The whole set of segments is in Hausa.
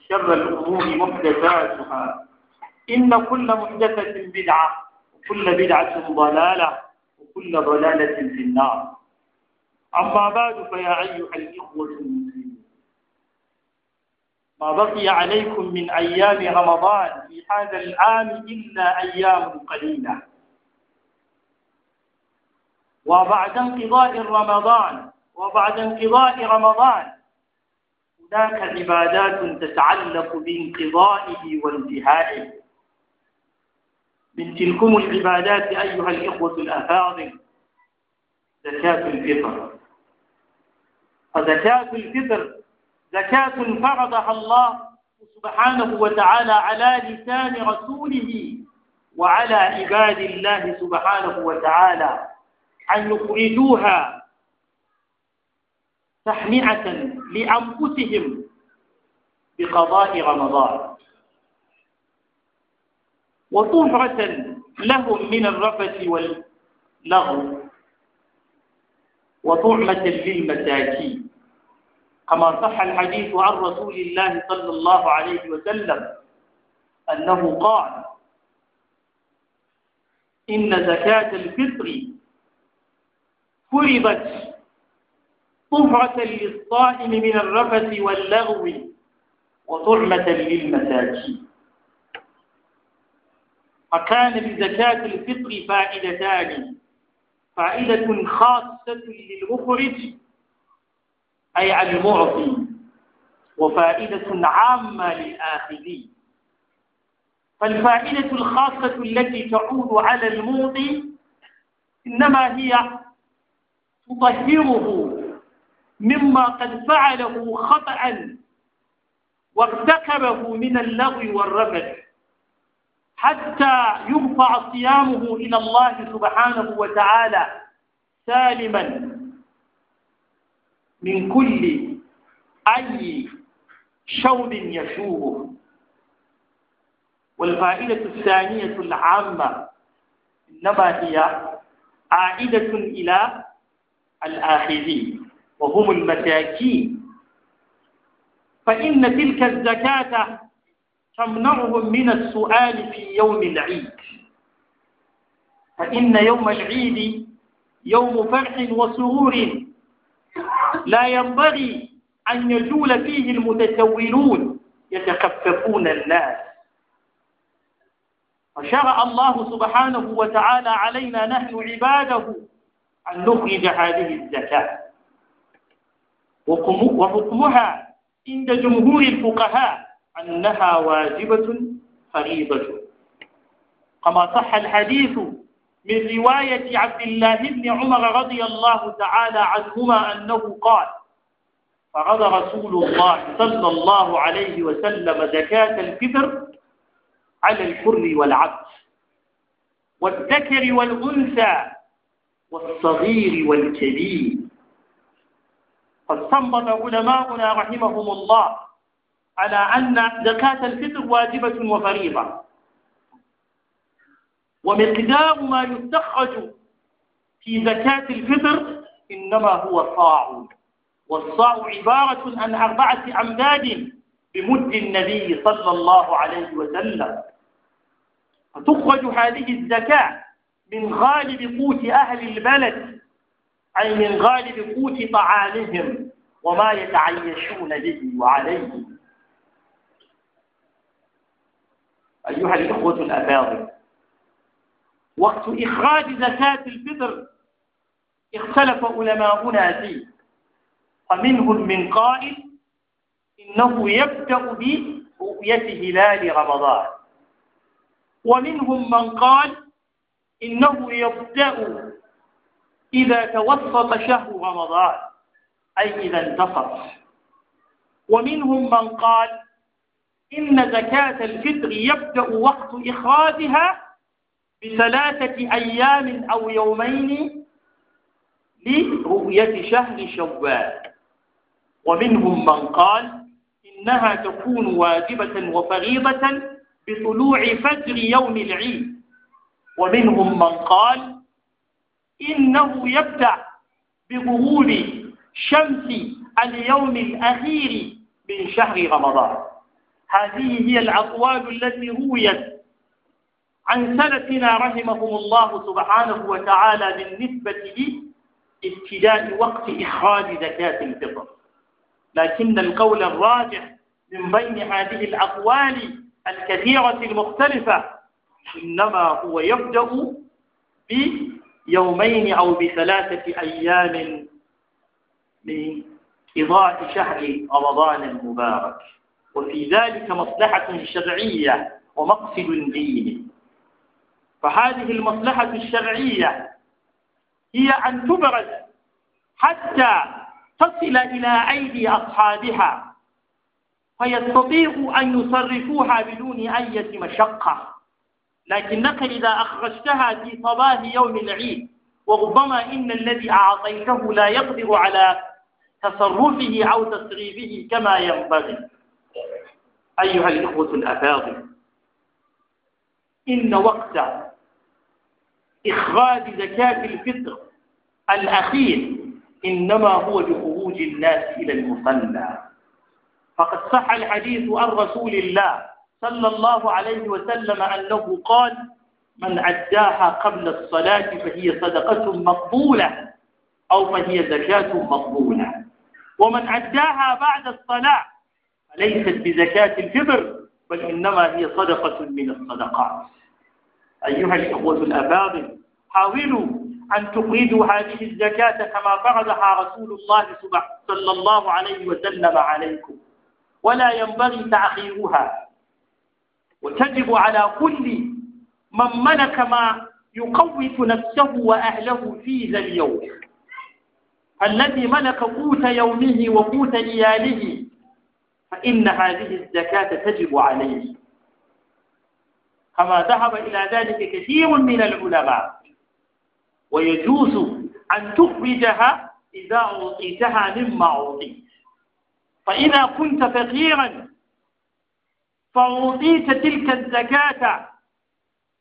وشر الأمور محدثاتها إن كل محدثة بدعة وكل بدعة ضلالة وكل ضلالة في النار أما بعد فيا أيها الإخوة المسلمين ما بقي عليكم من أيام رمضان في هذا العام إلا أيام قليلة وبعد انقضاء رمضان وبعد انقضاء رمضان ذاك عبادات تتعلق بانقضائه وانتهائه من تلكم العبادات أيها الإخوة الأفاضل زكاة الفطر فزكاة الفطر زكاة فرضها الله سبحانه وتعالى على لسان رسوله وعلى عباد الله سبحانه وتعالى أن يخرجوها تحمئة لأنفسهم بقضاء رمضان وطهرة لهم من الرفث واللغو وطعمة للمساكين كما صح الحديث عن رسول الله صلى الله عليه وسلم أنه قال إن زكاة الفطر فرضت طهرة للصائم من الرفث واللغو وطعمة للمساكين وكان لزكاة الفطر فائدتان فائدة خاصة للمخرج أي على المعطي وفائدة عامة للآخذين فالفائدة الخاصة التي تعود على المعطي إنما هي تطهره مما قد فعله خطأ وارتكبه من اللغو والرفث حتى يرفع صيامه إلى الله سبحانه وتعالى سالما من كل أي شوب يشوبه والفائدة الثانية العامة إنما هي عائدة إلى الآخذين وهم المساكين فإن تلك الزكاة تمنعهم من السؤال في يوم العيد فإن يوم العيد يوم فرح وسرور لا ينبغي أن يجول فيه المتسولون يتخففون الناس فشرع الله سبحانه وتعالى علينا نحن عباده أن نخرج هذه الزكاة وحكمها عند جمهور الفقهاء أنها واجبة فريضة كما صح الحديث من رواية عبد الله بن عمر رضي الله تعالى عنهما أنه قال فرض رسول الله صلى الله عليه وسلم زكاة الفطر على الحر والعبد والذكر والأنثى والصغير والكبير قد علماؤنا رحمهم الله على أن زكاة الفطر واجبة وفريضة ومقدار ما يستخرج في زكاة الفطر إنما هو صاع والصاع عبارة عن أربعة أمداد بمد النبي صلى الله عليه وسلم فتخرج هذه الزكاة من غالب قوت أهل البلد أي من غالب قوت طعامهم وما يتعيشون به وعليه أيها الإخوة الأفاضل وقت إخراج زكاة الفطر اختلف علماؤنا فيه فمنهم من قائل إنه يبدأ برؤية هلال رمضان ومنهم من قال إنه يبدأ إذا توسط شهر رمضان أي إذا انتصر ومنهم من قال إن زكاة الفطر يبدأ وقت إخراجها بثلاثة أيام أو يومين لرؤية شهر شوال ومنهم من قال إنها تكون واجبة وفريضة بطلوع فجر يوم العيد ومنهم من قال إنه يبدأ بظهور شمس اليوم الأخير من شهر رمضان هذه هي الأقوال التي رويت عن سلفنا رحمهم الله سبحانه وتعالى بالنسبة لابتداء وقت إخراج زكاة الفطر لكن القول الراجح من بين هذه الأقوال الكثيرة المختلفة إنما هو يبدأ ب يومين أو بثلاثة أيام من شهر رمضان المبارك وفي ذلك مصلحة شرعية ومقصد ديني فهذه المصلحة الشرعية هي أن تبرز حتى تصل إلى أيدي أصحابها فيستطيع أن يصرفوها بدون أي مشقة لكنك إذا أخرجتها في صباح يوم العيد وربما إن الذي أعطيته لا يقدر على تصرفه أو تصريفه كما ينبغي أيها الإخوة الأفاضل إن وقت إخراج زكاة الفطر الأخير إنما هو لخروج الناس إلى المصلى فقد صح الحديث عن رسول الله صلى الله عليه وسلم أنه قال من عداها قبل الصلاة فهي صدقة مقبولة أو فهي زكاة مقبولة ومن عداها بعد الصلاة فليست بزكاة الفطر بل إنما هي صدقة من الصدقات أيها الإخوة الأفاضل حاولوا أن تقيدوا هذه الزكاة كما فرضها رسول الله صلى الله عليه وسلم عليكم ولا ينبغي تعخيرها وتجب على كل من ملك ما يقوف نفسه وأهله في ذا اليوم الذي ملك قوت يومه وقوت إياله فإن هذه الزكاة تجب عليه كما ذهب إلى ذلك كثير من العلماء ويجوز أن تخرجها إذا أعطيتها مما أعطيت فإذا كنت فقيرا فأعطيت تلك الزكاة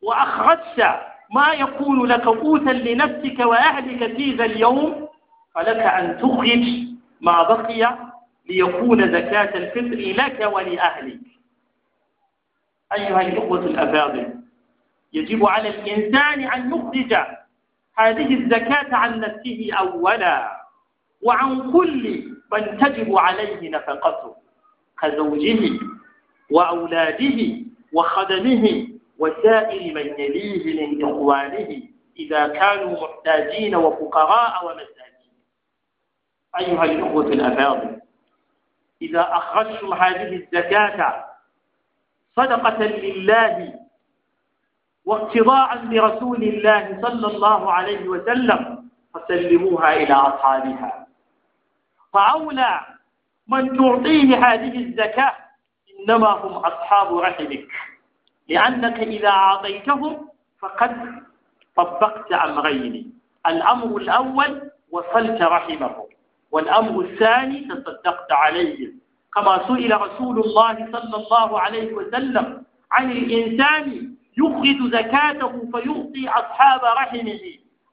وأخرجت ما يكون لك قوتا لنفسك وأهلك في ذا اليوم فلك أن تخرج ما بقي ليكون زكاة الفطر لك ولأهلك أيها الإخوة الأفاضل يجب على الإنسان أن يخرج هذه الزكاة عن نفسه أولا وعن كل من تجب عليه نفقته كزوجه وأولاده وخدمه وسائر من يليه من إخوانه إذا كانوا محتاجين وفقراء ومساكين أيها الأخوة الأفاضل إذا أخرجتم هذه الزكاة صدقة لله واقتضاء لرسول الله صلى الله عليه وسلم فسلموها إلى أصحابها فأولى من تعطيه هذه الزكاة إنما هم أصحاب رحمك لأنك إذا أعطيتهم فقد طبقت أمرين الأمر الأول وصلت رحمهم والأمر الثاني تصدقت عليهم كما سئل رسول الله صلى الله عليه وسلم عن الإنسان يخرج زكاته فيعطي أصحاب رحمه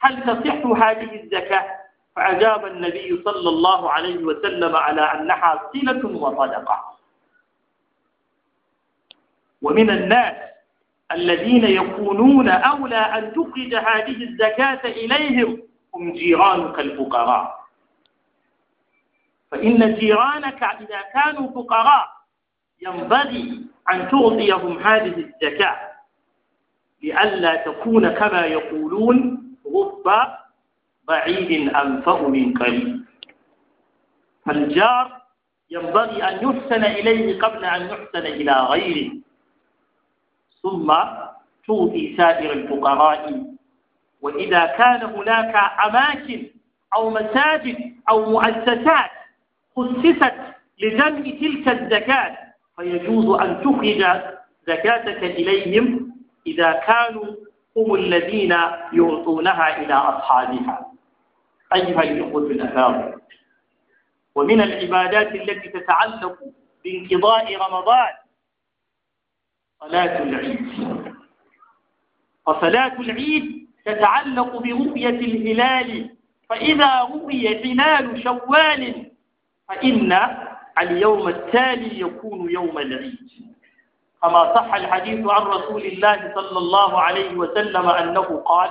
هل تصح هذه الزكاة؟ فأجاب النبي صلى الله عليه وسلم على أنها صلة وصدقة ومن الناس الذين يكونون أولى أن تخرج هذه الزكاة إليهم هم جيرانك الفقراء فإن جيرانك إذا كانوا فقراء ينبغي أن تعطيهم هذه الزكاة لئلا تكون كما يقولون رب بعيد أنفأ من قريب فالجار ينبغي أن يحسن إليه قبل أن يحسن إلى غيره ثم توفي سائر الفقراء وإذا كان هناك أماكن أو مساجد أو مؤسسات خصصت لجمع تلك الزكاة فيجوز أن تخرج زكاتك إليهم إذا كانوا هم الذين يعطونها إلى أصحابها أيها الإخوة الأفاضل ومن العبادات التي تتعلق بانقضاء رمضان صلاة العيد وصلاة العيد تتعلق برؤية الهلال فإذا رؤي هلال شوال فإن اليوم التالي يكون يوم العيد كما صح الحديث عن رسول الله صلى الله عليه وسلم أنه قال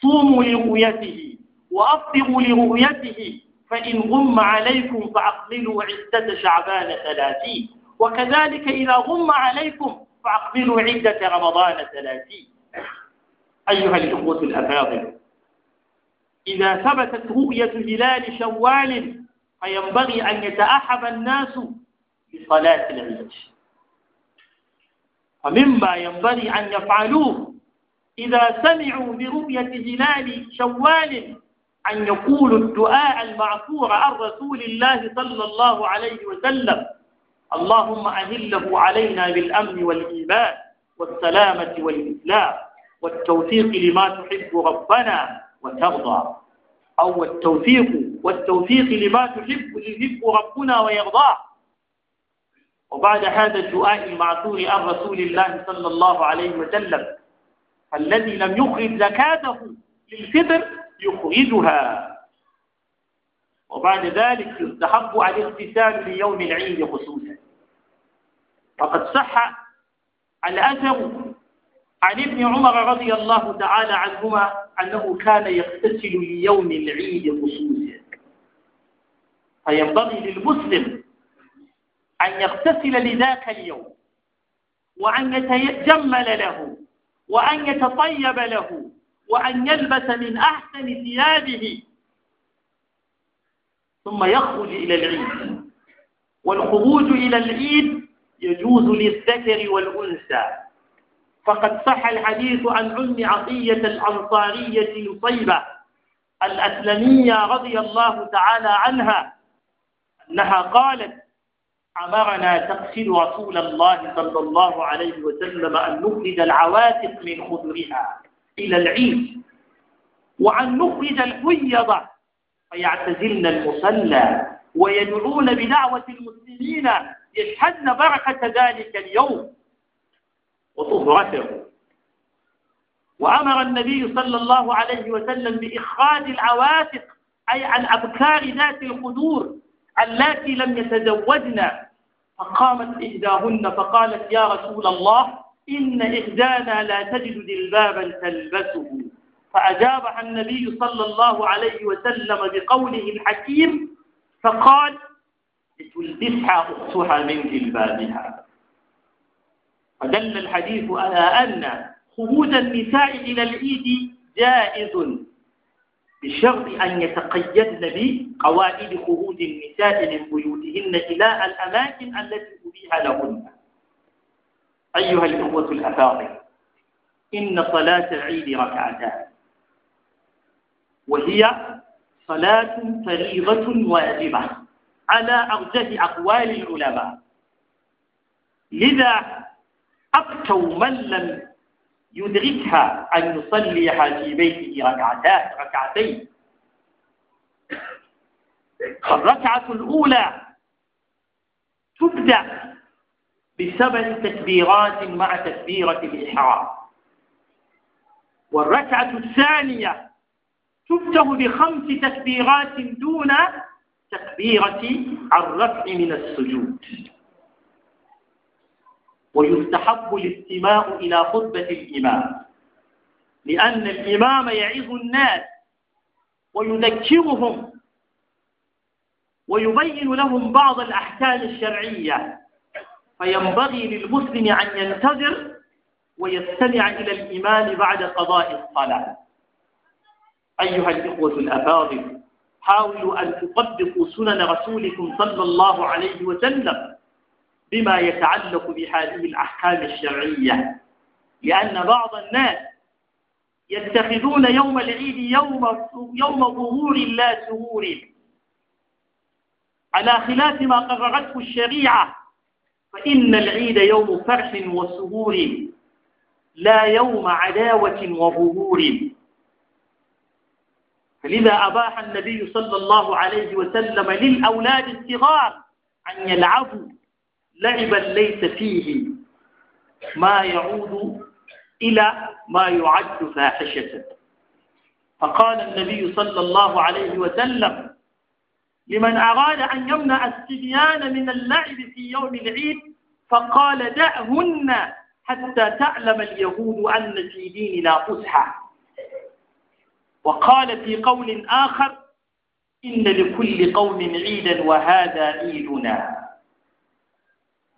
صوموا لرؤيته وأفطروا لرؤيته فإن غم عليكم فأقبلوا عدة شعبان ثلاثين وكذلك إذا غم عليكم فأقبلوا عدة رمضان ثلاثين أيها الإخوة الأفاضل إذا ثبتت رؤية هلال شوال فينبغي أن يتأحب الناس بصلاة العيد فمما ينبغي أن يفعلوه إذا سمعوا برؤية هلال شوال أن يقولوا الدعاء المعفور عن رسول الله صلى الله عليه وسلم اللهم أهله علينا بالأمن والإيمان والسلامة والإسلام والتوفيق لما تحب ربنا وترضى أو التوفيق والتوفيق لما تحب يحب ربنا ويرضاه وبعد هذا الدعاء المعثور عن رسول الله صلى الله عليه وسلم الذي لم يخرج زكاته للفطر يخرجها وبعد ذلك يستحب الاغتسال في يوم العيد خصوصا وقد صح الأثر عن ابن عمر رضي الله تعالى عنهما أنه كان يغتسل ليوم العيد خصوصا فينبغي للمسلم أن يغتسل لذاك اليوم وأن يتجمل له وأن يتطيب له وأن يلبس من أحسن ثيابه ثم يخرج إلى العيد والخروج إلى العيد يجوز للذكر والأنثى فقد صح الحديث عن أم عطية الأنصارية طيبة الأسلمية رضي الله تعالى عنها أنها قالت أمرنا تقتل رسول الله صلى الله عليه وسلم أن نخرج العواتق من خدرها إلى العيد وأن نخرج الحيض فيعتزلن المصلى ويدعون بدعوة المسلمين يشهدن بركة ذلك اليوم وطهرته وأمر النبي صلى الله عليه وسلم بإخراج العواتق أي عن أبكار ذات القدور التي لم يتزوجن فقامت إحداهن فقالت يا رسول الله إن إحدانا لا تجد جلبابا تلبسه فأجابها النبي صلى الله عليه وسلم بقوله الحكيم فقال لتلبسها أختها من جلبابها ودل الحديث على أن خروج النساء إلى العيد جائز بشرط أن يتقيدن بقواعد خروج النساء من بيوتهن إلى الأماكن التي أبيها لهن أيها الأخوة الأفاضل إن صلاة العيد ركعتان وهي صلاة فريضة واجبة على أرجح أقوال العلماء لذا أبتوا من لم يدركها أن يصلي في بيته ركعتان ركعتين فالركعة الأولى تبدأ بسبع تكبيرات مع تكبيرة الإحرام والركعة الثانية تفتح بخمس تكبيرات دون تكبيرة الرفع من السجود ويستحب الاستماع إلى خطبة الإمام لأن الإمام يعظ الناس ويذكرهم ويبين لهم بعض الأحكام الشرعية فينبغي للمسلم أن ينتظر ويستمع إلى الإمام بعد قضاء الصلاة أيها الإخوة الأفاضل حاولوا أن تطبقوا سنن رسولكم صلى الله عليه وسلم بما يتعلق بهذه الأحكام الشرعية لأن بعض الناس يتخذون يوم العيد يوم يوم ظهور لا سهور على خلاف ما قررته الشريعة فإن العيد يوم فرح وسهور لا يوم عداوة وظهور فلذا أباح النبي صلى الله عليه وسلم للأولاد الصغار أن يلعبوا لعبا ليس فيه ما يعود إلى ما يعد فاحشة فقال النبي صلى الله عليه وسلم لمن أراد أن يمنع الصبيان من اللعب في يوم العيد فقال دعهن حتى تعلم اليهود أن في ديننا فسحة وقال في قول آخر إن لكل قوم عيدا وهذا عيدنا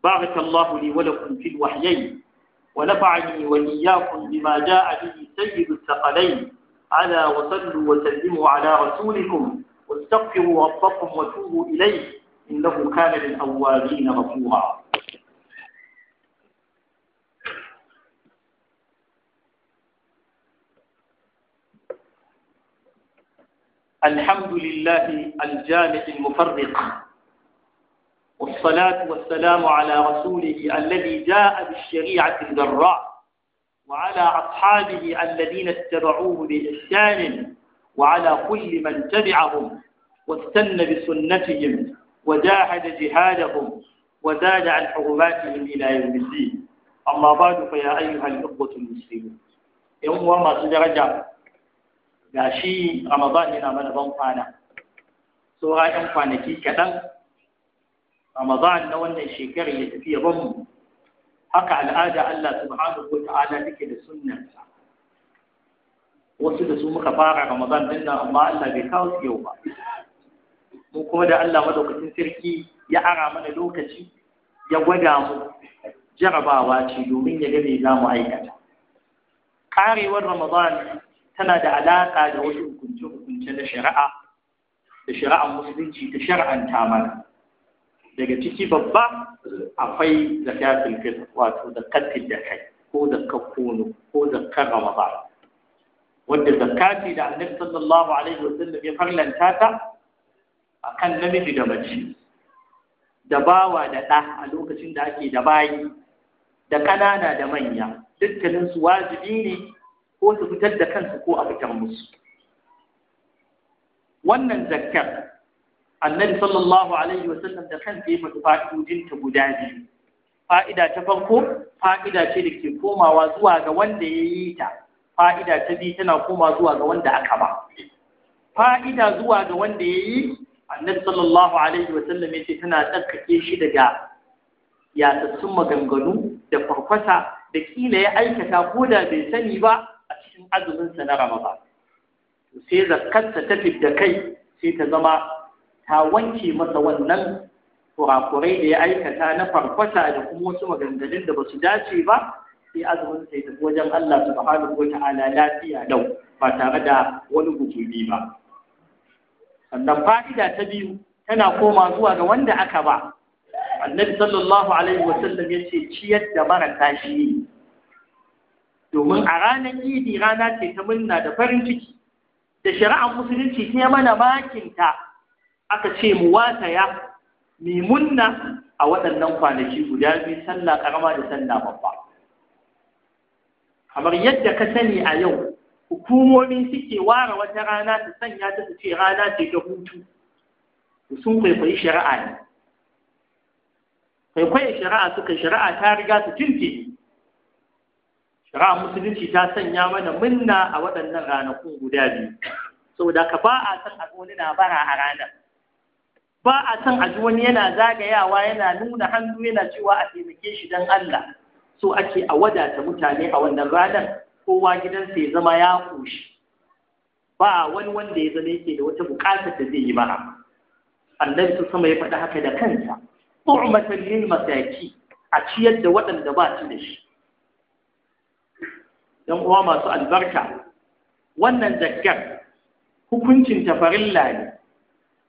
بارك الله لي ولكم في الوحيين ونفعني وإياكم بما جاء به سيد الثقلين على وصلوا وسلموا على رسولكم واستغفروا ربكم وتوبوا إليه إنه كان للأوابين غفورا الحمد لله الجامع المفرق والصلاة والسلام على رسوله الذي جاء بالشريعة الدراء وعلى أصحابه الذين اتبعوه بإحسان وعلى كل من تبعهم واستنى بسنتهم وجاهد جهادهم وزاد عن حرماتهم إلى يوم الدين أما بعد فيا أيها الإخوة المسلمون يوم ما درجة ga shi Ramadan yana mana ban kwana saura 'yan kwanaki kaɗan Ramadan na wannan shekarar ya tafi ya ban mu haka al'ada Allah subhanahu wata'ala take da sunnarsa wasu da su muka fara Ramadan din nan amma Allah bai kawo su yau ba mu kuma da Allah madaukakin sarki ya ara mana lokaci ya gwada mu jarabawa ce domin ya ga me za mu aikata karewar Ramadan tana da alaƙa da wasu hukunce-hukunce na shari'a da shari'ar musulunci ta shari'anta mana daga ciki babba akwai zakatul fitr wato zakatul da kai ko da kono ko da zakar ba. Wadda zakati da annabi sallallahu alaihi sallam ya farlanta ta akan namiji da mace da bawa da ɗa a lokacin da ake da bayi da ƙanana da manya dukkanin su wajibi ne ko su fitar da kansu ko a fitar musu wannan zakkar annabi sallallahu alaihi wa sallam da kansa ya faɗi ta guda biyu fa'ida ta farko fa'ida ce da ke komawa zuwa ga wanda ya yi ta fa'ida ta biyu tana koma zuwa ga wanda aka ba fa'ida zuwa ga wanda ya yi annabi sallallahu alaihi wa sallam ya ce tana tsarkake shi daga yatsassun maganganu da farfasa da kila ya aikata ko da bai sani ba cikin azuminsa na Ramadan sai zakarta ta fidda kai sai ta zama ta wanke masa wannan kurakurai da ya aikata na farfasa da kuma wasu maganganun da ba su dace ba sai azumin sai tafi wajen Allah subhanahu wa ta'ala lafiya dau ba tare da wani gujumi ba sannan fa'ida ta biyu tana koma zuwa ga wanda aka ba annabi sallallahu alaihi wasallam ya ce ciyar da mara tashi domin mm. a ranar idi rana ce ta murna da farin ciki da shari'ar musulunci ta mana makinta aka ce mu wataya mai munna a waɗannan kwanaki guda biyu sallah karama da sallah babba kamar yadda ka sani a yau hukumomi suke ware wata rana ta sanya ta ce rana ce ta hutu sun kwaikwayi shari'a ne kwaikwayi shari'a suka shari'a ta riga su tuntuɓe Shara'a musulunci ta sanya mana munna a waɗannan ranakun guda biyu saboda ka ba a san a na bara a ranar ba a san a wani yana zagayawa yana nuna hannu yana cewa a taimake shi don Allah so ake a wadata mutane a wannan ranar kowa gidansa ya zama ya ƙoshi ba wani wanda ya zama yake da wata buƙatar da zai yi ba annabi su sama ya faɗi haka da kansa tu'matan lil masaki a ciyar da waɗanda ba su da shi yan uwa masu albarka wannan zakkar hukuncin tafarilla ne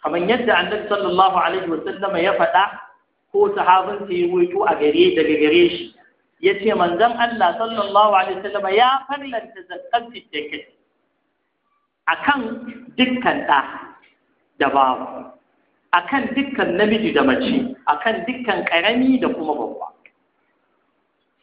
kamar yadda annabi sallallahu alaihi wa sallama, ya faɗa ko sahabin sa ya roƙo a gare daga gare shi ya ce manzon Allah sallallahu alaihi wa sallama, ya farlanta zakkar fitakai akan dukkan ɗa da babu akan dukkan namiji da mace akan dukkan ƙarami da kuma babba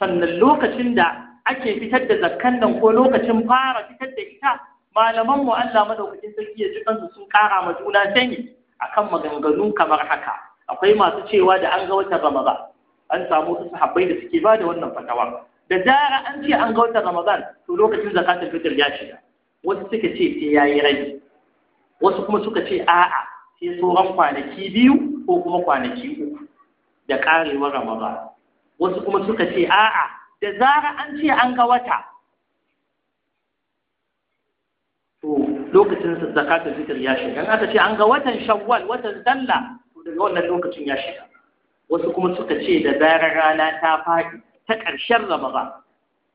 sannan lokacin da ake fitar da zakkan nan ko lokacin fara fitar da ita malaman mu Allah madaukakin sarki ya ji kansu sun kara ma juna sani akan maganganu kamar haka akwai masu cewa da an ga wata Ramadan an samu wasu sahabbai da suke ba da wannan fatawa da zara an ce an ga wata Ramadan to lokacin zakatul fitr ya shiga wasu suka ce sai yayi rai wasu kuma suka ce a'a sai tsoron kwanaki biyu ko kuma kwanaki uku da karewar Ramadan wasu kuma suka ce a'a da zara an ce an ga wata to lokacin zakatul fitr ya shiga aka ce an ga watan shawwal watan dalla to daga wannan lokacin ya shiga wasu kuma suka ce da zarar rana ta faɗi ta ƙarshen ramadan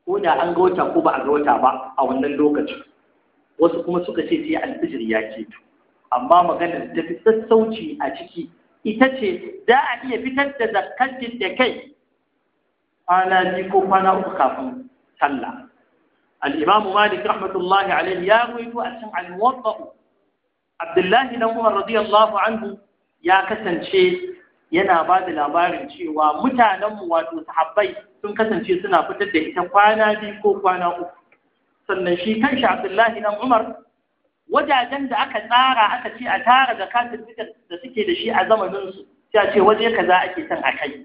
ko da an ga wata ko ba a ga wata ba a wannan lokacin wasu kuma suka ce sai alfijir ya to amma maganar da fi sassauci a ciki ita ce za a iya fitar da zakantin da kai kwana biyu ko kwana uku kafin sallah al-imamu malik rahmatullahi alaihi ya ruwaito a cikin al-muwatta abdullahi dan umar radiyallahu anhu ya kasance yana ba da labarin cewa mutanenmu wato sahabbai sun kasance suna fitar da ita kwana biyu ko kwana uku sannan shi kanshi abdullahi dan umar wajajen da aka tsara aka ce a tara da katin da suke da shi a zamaninsu sai a ce waje kaza ake son a kai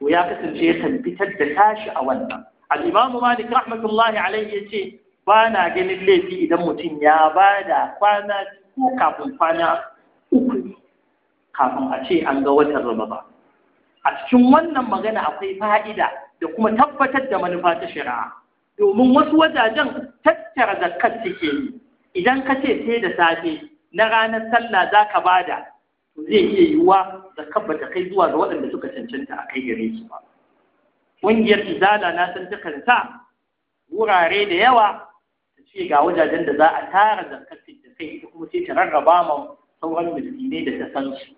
to ya kasance yakan fitar da tashi a wannan al malik rahmatullahi alaihi yace ba na ganin laifi idan mutum ya ba da kwana ko kafin kwana uku kafin a ce an ga watan ramadan a cikin wannan magana akwai fa'ida da kuma tabbatar da manufa ta shari'a domin wasu wajajen tattara zakat suke yi idan ka ce sai da safe na ranar sallah za ka bada to zai iya yiwuwa zakar kabbata kai zuwa ga waɗanda suka cancanta a kai gare su ba ƙungiyar izala na san ta wurare da yawa ta ce ga wajajen da za a tara zakar da kai ita kuma sai ta rarraba ma sauran musulmi da ta san su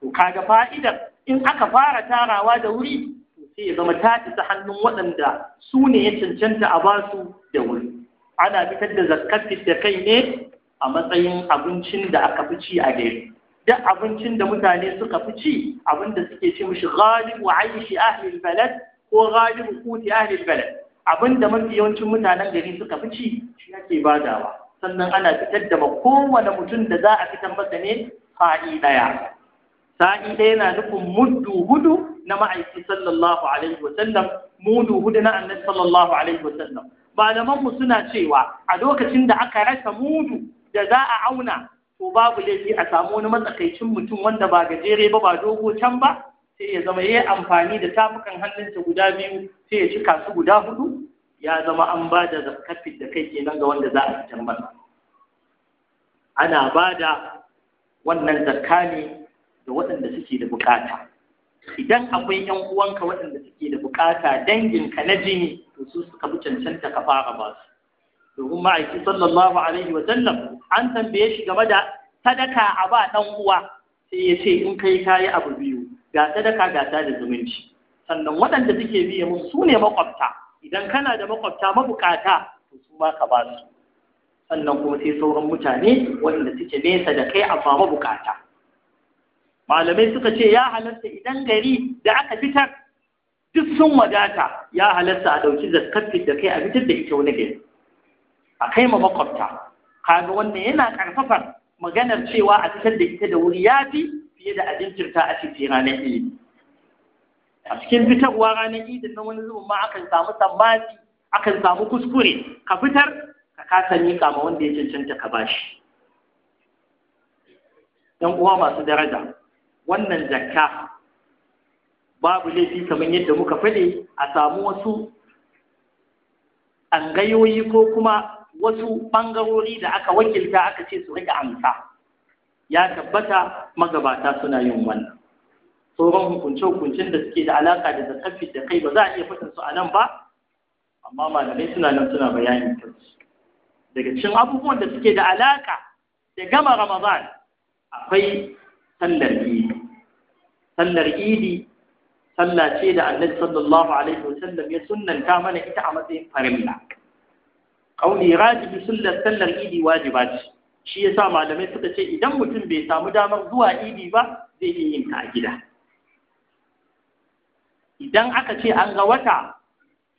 to kaga fa'idar in aka fara tarawa da wuri sai ya zama ta isa hannun waɗanda su ne ya cancanta a basu da wuri ana fitar da zakar da kai ne a matsayin abincin da aka fi ci a gari duk abincin da mutane suka fi ci abinda suke ce mishi ghalibu aishi ahlil balad ko ghalibu kuti ahlil balad mafi yawancin mutanen gari suka fi ci shi ake badawa sannan ana fitar da kowane mutum da za a fitar masa ne sa'i daya sa'i daya na nufin muddu hudu na ma'aiki sallallahu alaihi wa sallam mudu hudu na annabi sallallahu alaihi wa sallam malaman mu suna cewa a lokacin da aka rasa mudu da za a auna ko babu laifi a samu wani matsakaicin mutum wanda ba gajere ba ba dogo can ba sai ya zama yayi amfani da tafukan hannunsa guda biyu sai ya cika su guda hudu ya zama an ba da zakafin da kai kenan ga wanda za a fitar masa ana ba da wannan zakka da waɗanda suke da bukata idan akwai yan uwanka waɗanda suke da bukata ka na jini to su suka bi cancanta ka fara ba su domin ma'aiki sallallahu alaihi wa sallam an tambaye shi game da sadaka a ba dan uwa sai ya ce in kai kayi abu biyu ga sadaka ga ta da zumunci sannan waɗanda suke biye mun su ne makwabta idan kana da makwabta mabukata to su ma ka ba su sannan kuma sai sauran mutane waɗanda suke nesa da kai a fama bukata malamai suka ce ya halarta idan gari da aka fitar duk sun wadata ya halarta a ɗauki zakkar da kai a fitar da ita wani gari a kai ma makwabta kaga wannan yana karfafar maganar cewa a cikin da ita da wuri ya fi fiye da abincirta a cikin ranar idi a cikin fitarwa ranar idin na wani zubin ma akan samu a akan samu kuskure ka fitar ka kasa miƙa ma wanda ya cancanta ka bashi Ɗan uwa masu daraja wannan zakka babu laifi kamar yadda muka fade a samu wasu angayoyi ko kuma wasu ɓangarori da aka wakilta aka ce su rage amsa ya tabbata magabata suna yin wannan sauran hukunce-hukuncen da suke da alaka da zakafi da kai ba za a iya faɗin su a nan ba amma malamai suna nan suna bayani daga cikin abubuwan da suke da alaka da gama ramadan akwai sallar idi sallar idi sallah ce da annabi sallallahu alaihi wasallam ya sunnanta mana ita a matsayin farilla kauli rajibi sallar sallar idi wajiba ce shi yasa malamai suka ce idan mutum bai samu damar zuwa idi ba zai iya yin ta a gida idan aka ce an ga wata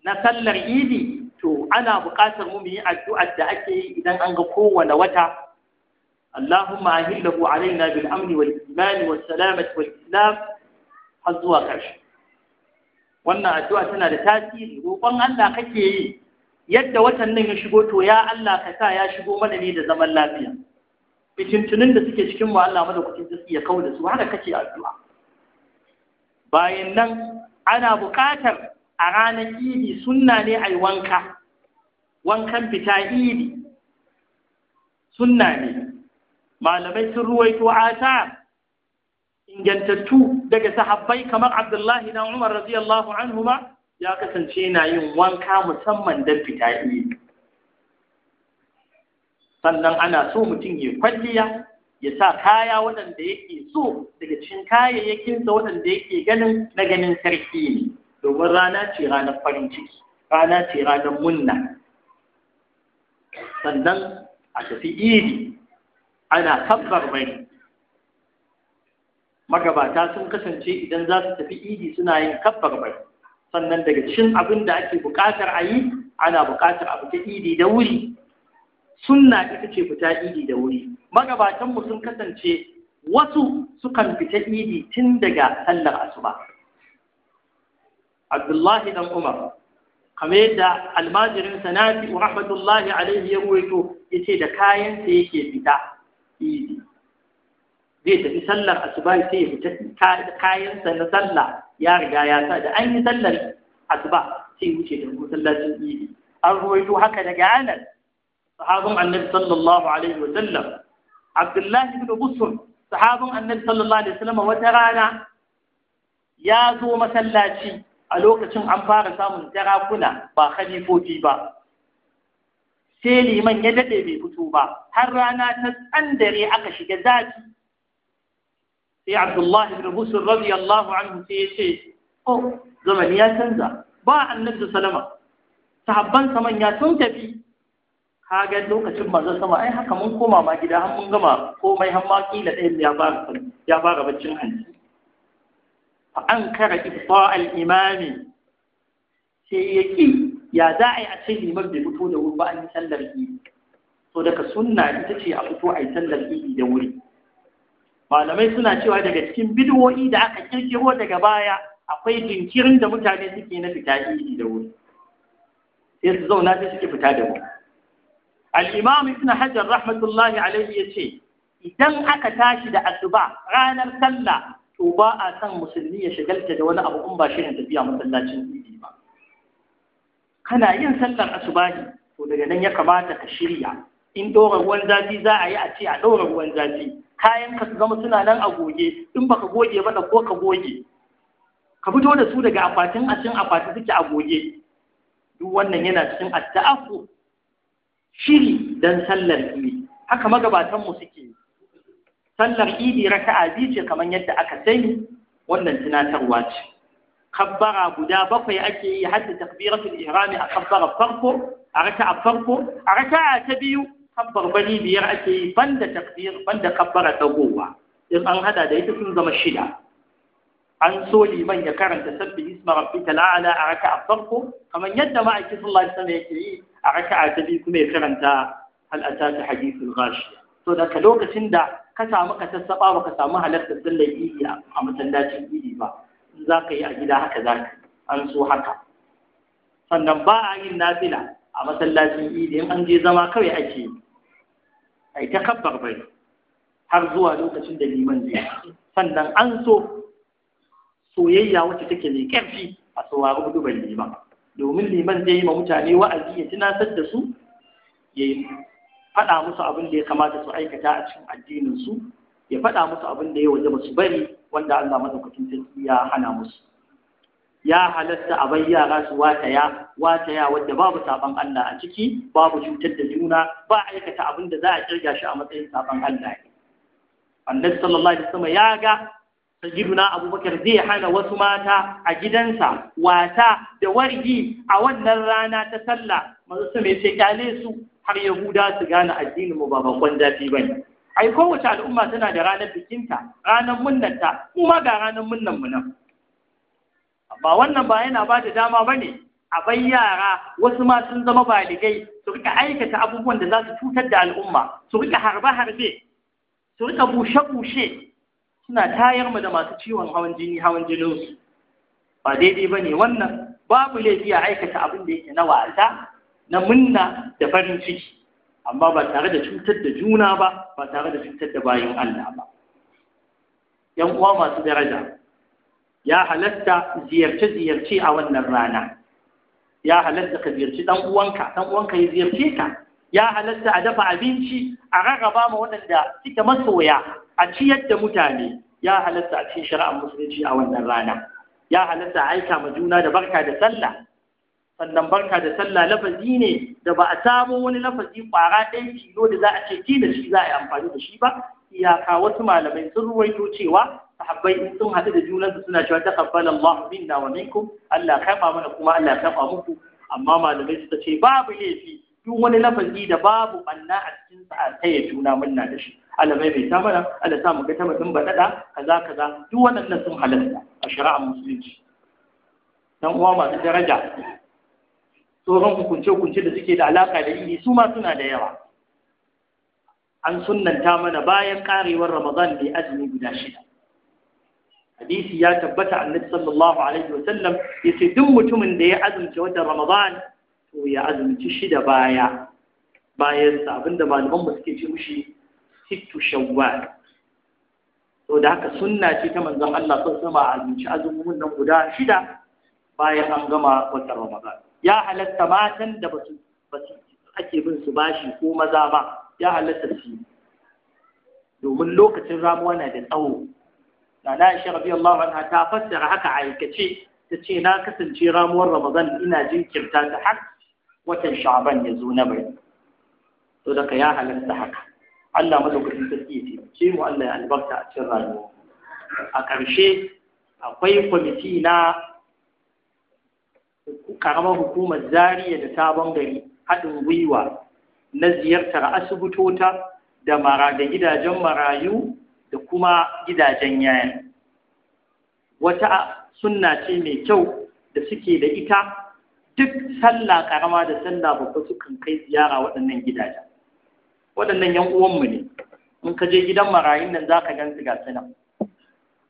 na sallar idi to ana buƙatar mu yi addu'ar da ake yi idan an ga kowane wata Allahumma ahillahu alaina bil amni wal imani was salamati wal islam zuwa ƙarshe wannan addu'a tana da tasiri roƙon Allah kake yi yadda watan nan ya shigo to ya Allah ka sa ya shigo mana ne da zaman lafiya fitintunin da suke cikin mu Allah madaukakin sarki ya kawo da su haka kace addu'a bayan nan ana buƙatar a ranar idi sunna ne ai wanka wankan fita idi sunna ne malamai sun ruwaito ata ingantattu daga sahabbai kamar abdullahi na umar radiyallahu anhuma ya kasance yana yin wanka musamman don fita iri sannan ana so mutum ya kwalliya ya sa kaya waɗanda yake so daga cikin kayayyakinsa waɗanda yake ganin na ganin sarki ne domin rana ce ranar farin ciki rana ce ranar munna sannan a tafi iri ana tabbar bari magabata sun kasance idan za su tafi idi suna yin kabbar bari sannan daga cikin abin da ake buƙatar a yi ana buƙatar a fita idi da wuri sunna ita ce fita idi da wuri magabatanmu sun kasance wasu sukan fita idi tun daga sallar asuba abdullahi dan umar kamar yadda almajirin sanafi rahmatullahi alaihi ya ruwaito ce da kayansa yake fita idi zai tafi sallar asuba sai ya fita kayansa na sallah ya riga ya sa da an yi sallar asuba sai wuce da masallacin idi an ruwaito haka daga anas sahabun annabi sallallahu alaihi wa sallam abdullahi ibn busr sahabun annabi sallallahu alaihi wa sallam wata rana ya zo masallaci a lokacin an fara samun jarakuna ba khalifofi ba sai liman ya dade bai fito ba har rana ta tsandare aka shiga zafi sai abdullahi bin busur radiyallahu anhu sai ya ce oh zamani ya canza ba annabi salama sahabban saman ya sun tafi ga lokacin manzo sama ai haka mun koma ma gida har mun gama komai har ma kila ɗayan ya fara ya fara baccin hanci fa an kara ibta al imami sai ya ki ya za a yi a ce liman bai fito da wuri ba an yi sallar idi So daga sunna ita ce a fito a yi sallar idi da wuri malamai suna cewa daga cikin bid'o'i da aka kirkiro daga baya akwai jinkirin da mutane suke na fita iri da wuri sai su zauna sai suke fita da wuri al-imam ibn hajar rahmatullahi alaihi yace idan aka tashi da asuba ranar sallah to ba a san musulmi ya shigalta da wani abu in ba ne tafiya masallacin idi ba kana yin sallar asubahi to daga nan ya kamata ka shirya in ɗora ruwan zafi za a yi a ce a ɗora ruwan zafi kayan ka su zama suna nan a goge in baka goge ba ko ka goge ka fito da su daga akwatin a cikin akwati suke a goge duk wannan yana cikin atta'afu shiri dan sallar idi haka magabatan mu suke sallar idi raka'a biyu ce kamar yadda aka sani wannan tunatarwa ce kabbara guda bakwai ake yi hadda takbiratul ihrami a kabbara farko a raka'a farko a raka'a ta biyu kabbar bani biyar ake yi banda takbir banda kabbara dagowa in an hada da ita sun zama shida an so liman ya karanta sabbi isma rabbika la'ala a raka'a farko kamar yadda ma'aikin sallallahu alaihi wasallam yake yi a raka ta biyu kuma ya karanta hal ataka hadithul ghashiya to daga lokacin da ka samu ka sassaba ba ka samu halartar sallar idi a masallacin idi ba za ka yi a gida haka za ka an so haka sannan ba a yin nafila a masallacin idi in an je zama kawai ake yi ai ta kabbar bai har zuwa lokacin da liman zai sannan an so soyayya wacce take mai ƙarfi a saurari hudubar liman domin liman zai yi ma mutane wa'azi ya tunatar da su ya faɗa musu abin da ya kamata su aikata a cikin addinin su ya faɗa musu abin da ya waje ba bari wanda Allah madaukakin sarki ya hana musu ya halatta a bayyara yara su wataya wataya wadda babu sabon Allah a ciki babu cutar da juna ba aikata abin da za a kirga shi a matsayin saban Allah ne annabi sallallahu alaihi wasallam ya ga sayyiduna abubakar zai hana wasu mata a gidansa wata da wargi a wannan rana ta sallah manzo sai mai kale su har yahuda su gane addinin mu ba bakon dafi bane ai kowace al'umma tana da ranar bikinta ranar munnanta mu ma ga ranar munnan mu nan Ba wannan ba yana ba da dama ba ne a bai yara wasu ma sun zama baligai su rika aikata abubuwan da za su cutar da al'umma su rika harbe-harbe su rika bushe-bushe suna tayar mu da masu ciwon hawan jini hawan jininsu ba daidai ba ne wannan babu laifi a aikata abin da yake na wa'aza, na munna da farin ciki amma ba tare da cutar da juna ba ba tare da cutar da bayan Allah ba yan uwa masu daraja ya halatta ziyarce-ziyarce a wannan rana ya halatta ka ziyarci dan uwanka dan uwanka ya ziyarce ka ya halatta a dafa abinci a rarraba ma waɗanda suke masoya a ciyar da mutane ya halatta a cikin shari'ar musulunci a wannan rana ya halatta a aika ma juna da barka da sallah sannan barka da sallah lafazi ne da ba a samo wani lafazi ƙwara ɗaya tilo da za a ce tilas shi za a yi amfani da shi ba iyaka wasu malamai sun ruwaito cewa sahabbai in sun haɗu da su suna cewa taqabbal Allah minna wa minkum Allah karɓa mana kuma Allah karɓa muku amma malamai suka ce babu laifi duk wani lafazi da babu banna a cikin sa a taya juna minna da shi Allah bai ta mana Allah sa mu ga ta ba dada kaza kaza duk wannan sun halalta a shari'a musulunci dan uwa masu daraja tsoron hukunce-hukunce da suke da alaka da ilimi su ma suna da yawa an sunanta mana bayan karewar ramadan mai azumi guda shida hadisi ya tabbata annabi sallallahu alaihi wa sallam yace duk mutumin da ya azumci watan ramadan to ya azumci shida baya bayan sa abinda malaman mu suke ce mushi sittu shawwal to da haka sunna ce ta manzon Allah sallallahu alaihi wa sallam azumci azumin nan guda shida bayan an gama watan ramadan ya halatta matan da basu basu ake bin su bashi ko maza ba ya halatta su domin lokacin ramuwa na da tsawo da na shi rabi Allah anha ta fassara haka aikace ta ce na kasance ramuwar Ramadan ina jinkirta ta har watan Sha'ban ya zo na bai to daga ya halatta haka Allah madaukakin sarki ya taimake mu Allah ya albarka a cikin rayuwa a ƙarshe akwai kwamiti na karamar hukumar zariya da sabon gari haɗin gwiwa na ziyartar asibitota da mara da gidajen marayu da kuma gidajen yayan wata sunna ce mai kyau da suke da ita duk sallah karama da sallah babba sukan kai ziyara waɗannan gidajen waɗannan yan uwanmu ne in ka je gidan marayun nan za ka gan su gasu nan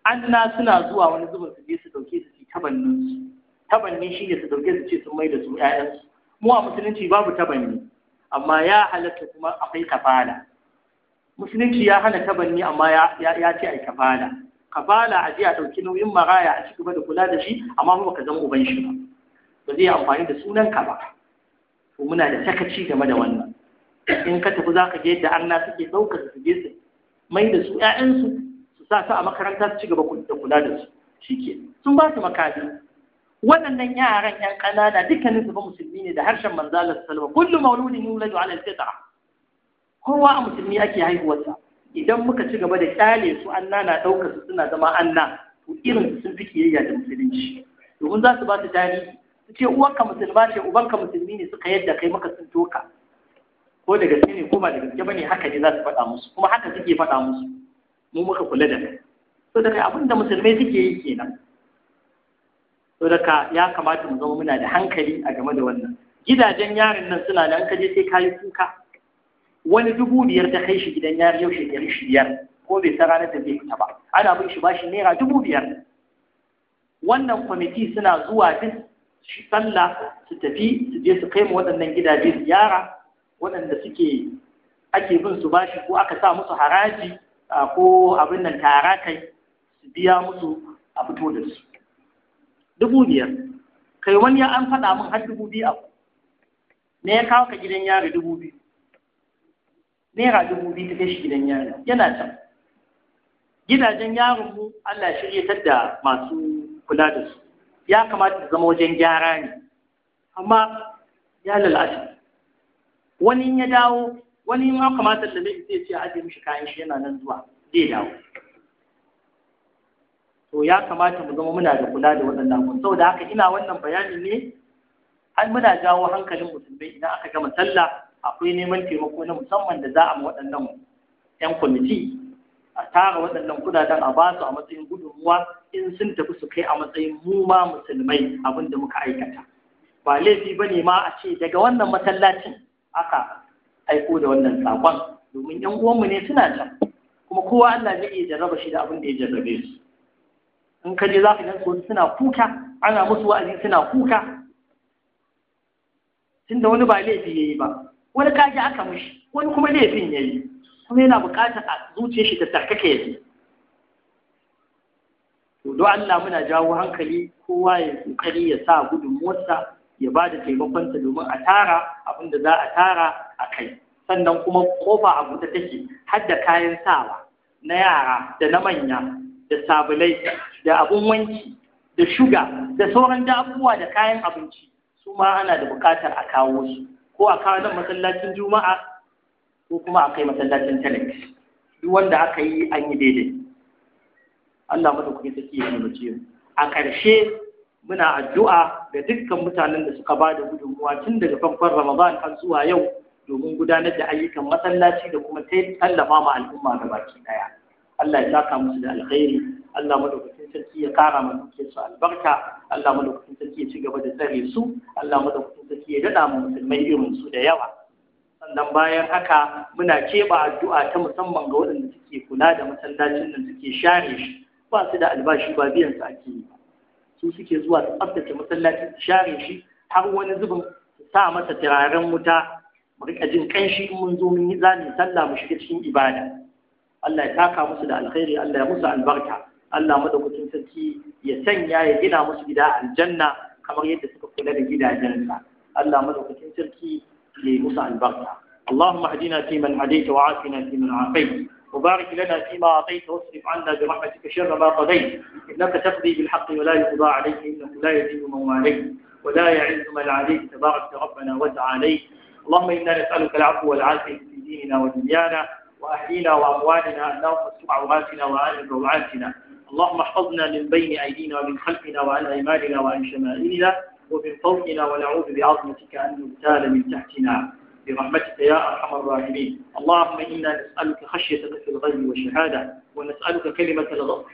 anna suna zuwa wani zubin su je su dauke su ci tabannin tabanni shi ne su dauke su ce sun mai da su ƴaƴansu mu a musulunci babu tabanni amma ya halatta kuma akwai kafala musulunci ya hana tabanni amma ya ce ai kafala kafala a jiya a ɗauki nauyin maraya a cikin da kula da shi amma kuma ka zama uban shi ba ba zai amfani da sunan ka ba to muna da takaci game da wannan in ka tafi zaka ga yadda anna suke ɗaukar su je su mai da su ƴaƴansu su sa su a makaranta su cigaba da kula da su shike sun ba su makafi waɗannan yaran yan ƙanana dukkanin su ba musulmi ne da harshen manzalar salma kullum mauludin yuladu ala alfitra kowa a musulmi ake haihuwarsa idan muka ci gaba da kyale su anna na ɗaukar su suna zama anna to irin su sun fi kiyayya da musulunci domin za su ba su tarihi su ce uwanka musulma ce ubanka musulmi ne suka yadda kai maka sun toka ko da gaske ne ko ba da gaske bane haka ne za su faɗa musu kuma haka suke faɗa musu mu muka kula da kai so da kai abin musulmai suke yi kenan to ya kamata mu zama muna da hankali a game da wannan gidajen yarin nan suna da hankali sai kayi kuka wani dubu biyar ta kai shi gidan yari yau shekaru shi biyar ko bai san ranar da zai fita ba ana bin shi bashi naira dubu biyar wannan kwamiti suna zuwa duk sallah su tafi su je su kai mu waɗannan gidaje ziyara waɗanda suke ake bin su bashi ko aka sa musu haraji ko abin nan tara kai su biya musu a fito da su dubu biyar kai wani ya an faɗa min har dubu biyu abu ne ya kawo ka gidan yari dubu biyu naira dubu biyu ta kai shi gidan yari yana can gidajen yaron mu Allah shirya da masu kula da su ya kamata su zama wajen gyara ne amma ya lalace. wani ya dawo wani ma kamata da zai ce a ajiye mishi kayan shi yana nan zuwa zai dawo to ya kamata mu zama muna da kula da waɗannan abubuwan saboda haka ina wannan bayani ne an muna jawo hankalin musulmai idan aka gama sallah akwai neman taimako na musamman da za a waɗannan 'yan kwamiti a tara waɗannan kudaden a basu a matsayin gudunmuwa in sun tafi su kai a matsayin mu ma musulmai abin da muka aikata ba laifi ba ne ma a ce daga wannan masallacin aka aiko da wannan saƙon domin 'yan uwanmu ne suna can kuma kowa Allah ne ya jarraba shi da abin da ya jarrabe su in ka je za ka gansu suna kuka ana musu wa'azi suna kuka tunda wani ba laifi ya yi ba wani kaji aka mushi wani kuma laifin ya yi kuma yana bukatar a zuce shi ta tarkaka ya yi to don Allah muna jawo hankali kowa ya kokari ya sa gudun motsa ya ba da taimakonsa domin a tara abin da za a tara a kai sannan kuma kofa a buɗe take har kayan sawa na yara da na manya da sabulai da abun wanki da shuga da sauran da abubuwa da kayan abinci su ma ana da buƙatar a kawo su ko a kawo nan masallacin juma'a ko kuma a kai masallacin talent duk wanda aka yi an yi daidai Allah madaukakin sarki ya nuna mu a ƙarshe muna addu'a ga dukkan mutanen da suka ba da gudunmuwa tun daga farkon Ramadan har zuwa yau domin gudanar da ayyukan masallaci da kuma tallafa ma al'umma gabaki ɗaya. Allah ya saka musu da alkhairi Allah madaukakin sarki ya kara mana dukiyar su albarka Allah madaukakin sarki ya ci gaba da tsare su Allah madaukakin sarki ya dada mu musulmai irin su da yawa sannan bayan haka muna keɓa addu'a ta musamman ga waɗanda suke kula da masallacin nan suke share shi ba su da albashi ba biyan su ake yi su suke zuwa su tsaftace masallacin su share shi har wani zubin su sa masa turaren wuta mu rika jin kanshi in mun zo mun yi zane, sallah mu shiga cikin ibada Allah ya taka musu da alkhairi Allah ya musu albarka Allah madaukakin sarki ya sanya ya gina musu gida aljanna kamar yadda suka kula da gidajensa Allah madaukakin sarki ya yi musu albarka اللهم اهدنا فيمن هديت وعافنا فيمن عافيت وبارك لنا فيما أعطيت واصرف عنا برحمتك شر ما قضيت إنك تقضي بالحق ولا يقضى عليك إنه لا يزيد من واليت ولا يعز من عليك تبارك ربنا وتعاليك اللهم إنا نسألك العفو والعافية في ديننا ودنيانا وأهلينا وأموالنا اللهم استر عوراتنا وآمن روعاتنا اللهم احفظنا من بين أيدينا ومن خلفنا وعن أيماننا وعن شمائلنا ومن فوقنا ونعوذ بعظمتك أن نبتال من تحتنا برحمتك يا أرحم الراحمين اللهم إنا نسألك خشيتك في الغيب والشهادة ونسألك كلمة,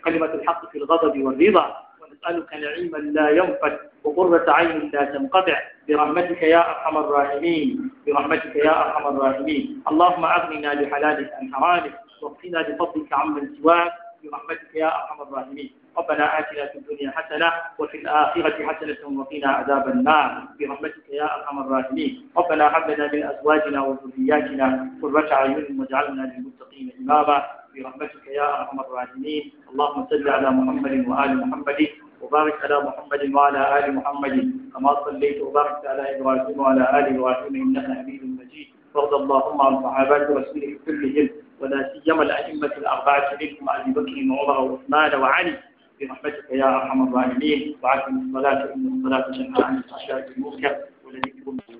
كلمة الحق في الغضب والرضا ونسألك نعيما لا ينفد وقرة عين لا تنقطع برحمتك يا أرحم الراحمين برحمتك يا أرحم الراحمين اللهم أغننا بحلالك عن حرامك واغفنا بفضلك عمن سواك برحمتك يا أرحم الراحمين ربنا آتنا في الدنيا حسنة وفي الآخرة حسنة وقنا عذاب النار برحمتك يا أرحم الراحمين ربنا هب لنا من أزواجنا وذرياتنا قرة أعين واجعلنا للمتقين إماما برحمتك يا أرحم الراحمين اللهم صل على محمد وآل محمد وبارك على محمد وعلى آل محمد كما صليت وباركت على إبراهيم وعلى آل إبراهيم إنك حميد مجيد وارض اللهم عن صحابات رسولك كلهم ولا سيما الأئمة الأربعة منهم أبي بكر وعمر وعثمان وعلي برحمتك يا أرحم الراحمين وعلم الصلاة إن الصلاة جمعان عن الفحشاء والمنكر